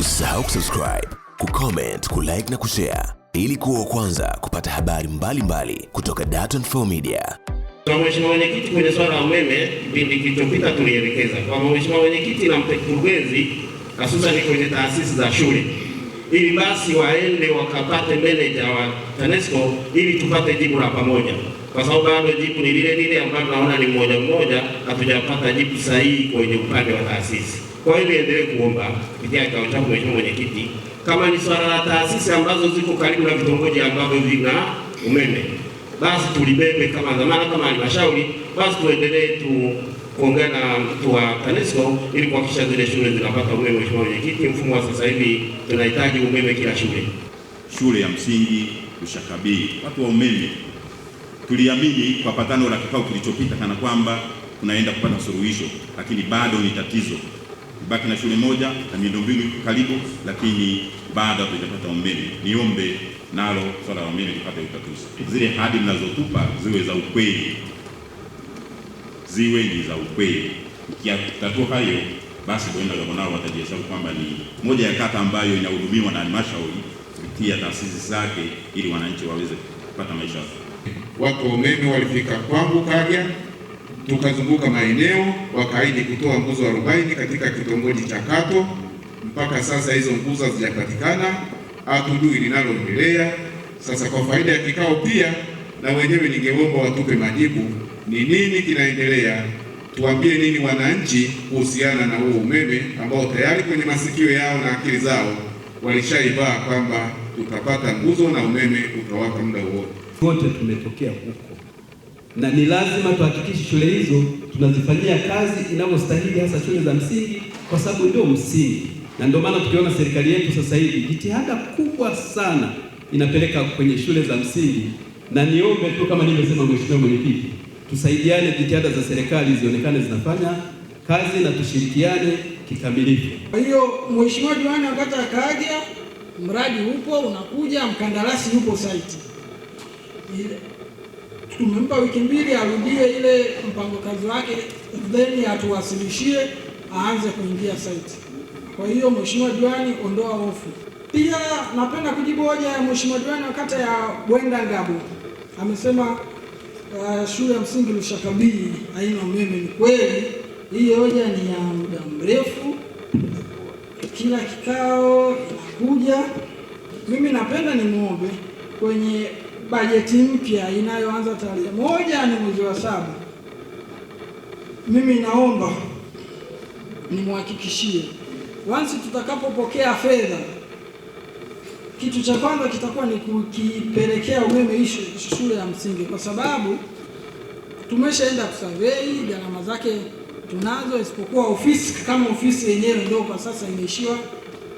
Usisahau kusubscribe, kucomment, kulike na kushare ili kuwa kwanza kupata habari mbalimbali mbali kutoka Dar24 Media. Na mheshimiwa mwenyekiti, kwenye swala la umeme kipindi kilichopita tulielekeza kwa mheshimiwa mwenyekiti na mkurugenzi, hususani kwenye taasisi za shule, ili basi waende wakapate meneja wa TANESCO ili tupate jibu la pamoja kwa sababu bado jibu ni lile lile ambalo naona ni moja moja, hatujapata jibu sahihi kwenye upande wa taasisi. Kwa hiyo niendelee kuomba kupitia kikao chako Mheshimiwa Mwenyekiti, kama ni swala la taasisi ambazo ziko karibu na vitongoji ambavyo vina umeme, basi tulibebe kama dhamana kama halmashauri, basi tuendelee tu kuongea na mtu wa TANESCO ili kuhakikisha zile shule zinapata umeme. Mheshimiwa Mwenyekiti, mfumo wa sasa hivi tunahitaji umeme kila shule, shule ya msingi, Ushakabii, watu wa umeme tuliamini kwa patano la kikao kilichopita kana kwamba tunaenda kupata suluhisho, lakini bado ni tatizo. Baki na shule moja na miundombinu karibu, lakini bado hatujapata umeme. Niombe nalo swala la umeme lipate utatuzi. Zile hadi mnazotupa ziwe za ukweli, ziwe ni za ukweli. Mkiyatatua hayo basi Bweni la watajihesabu kwamba ni moja ya kata ambayo inahudumiwa na halmashauri kupitia taasisi zake, ili wananchi waweze kupata maisha watu wa umeme walifika kwangu Karya, tukazunguka maeneo, wakaahidi kutoa nguzo arobaini katika kitongoji cha Kato. Mpaka sasa hizo nguzo hazijapatikana, hatujui linaloendelea. Sasa kwa faida ya kikao pia na wenyewe ningeomba watupe majibu, ni nini kinaendelea, tuambie nini wananchi kuhusiana na huo umeme ambao tayari kwenye masikio yao na akili zao walishaivaa kwamba tutapata nguzo na umeme utawaka muda wote wote tumetokea huko, na ni lazima tuhakikishe shule hizo tunazifanyia kazi inavyostahili, hasa shule za msingi, kwa sababu ndio msingi. Na ndio maana tukiona serikali yetu sasa hivi jitihada kubwa sana inapeleka kwenye shule za msingi, na niombe tu kama nilivyosema, Mheshimiwa Mwenyekiti, tusaidiane, jitihada za serikali zionekane zinafanya kazi na tushirikiane kikamilifu. Kwa hiyo Mheshimiwa Diwani wakati akaja, mradi upo unakuja, mkandarasi yupo site tumempa wiki mbili arudie ile mpango kazi wake, then atuwasilishie aanze kuingia site. Kwa hiyo Mheshimiwa Diwani, ondoa hofu. Pia napenda kujibu hoja ya Mheshimiwa Diwani wa kata ya Bwenda Ngabu, amesema uh, shule ya msingi Lushakabii haina umeme. Ni kweli, hii hoja ni ya muda mrefu, kila kikao inakuja. Mimi napenda nimwombe kwenye bajeti mpya inayoanza tarehe moja ni mwezi wa saba, mimi naomba nimhakikishie wansi tutakapopokea fedha, kitu cha kwanza kitakuwa ni kukipelekea umeme ishu shule ya msingi, kwa sababu tumeshaenda kusavei gharama zake tunazo, isipokuwa ofisi kama ofisi yenyewe ndio kwa sasa imeishiwa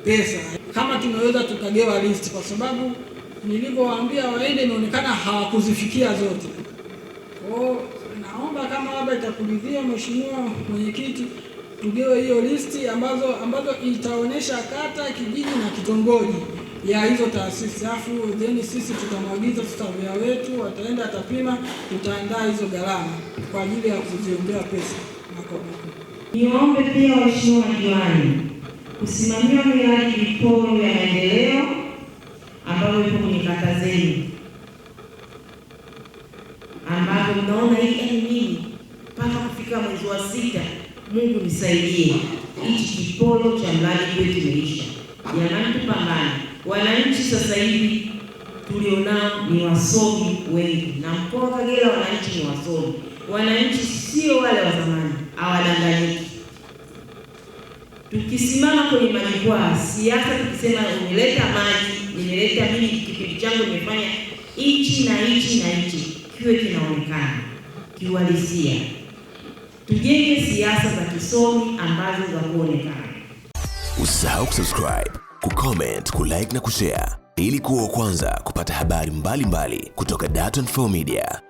pesa. Kama tunaweza tukagewa list, kwa sababu nilivyowaambia waende, inaonekana hawakuzifikia zote. Kwa naomba kama labda itakuridhia mheshimiwa mwenyekiti, tugewe hiyo listi ambazo ambazo itaonyesha kata, kijiji na kitongoji ya hizo taasisi, afu then sisi tutamwagiza tutavea wetu wataenda, atapima, tutaandaa hizo gharama kwa ajili ya kuziombea pesa. Niwaombe pia waheshimiwa diwani kusimamia miradi mipono ya maendeleo ambayo hapo mnaona hii yaani nini, mpaka kufika mwezi wa sita. Mungu nisaidie, hichi kipolo cha mradi wetu imeisha. Jamani, tupambane. Wananchi sasa hivi tulionao ni wasomi wengi, na mkoa wa Kagera wananchi ni wasomi. Wananchi sio wale wa zamani, hawadanganyiki. Tukisimama kwenye majukwaa siasa, tukisema umeleta maji, nimeleta mimi, kipindi changu nimefanya hichi na hichi na hichi kiwe kinaonekana kiuhalisia. Tujenge siasa za kisomi ambazo za kuonekana. Usisahau kusubscribe, kucomment, kulike na kushare ili kuwa wa kwanza kupata habari mbalimbali mbali kutoka Dar24 Media.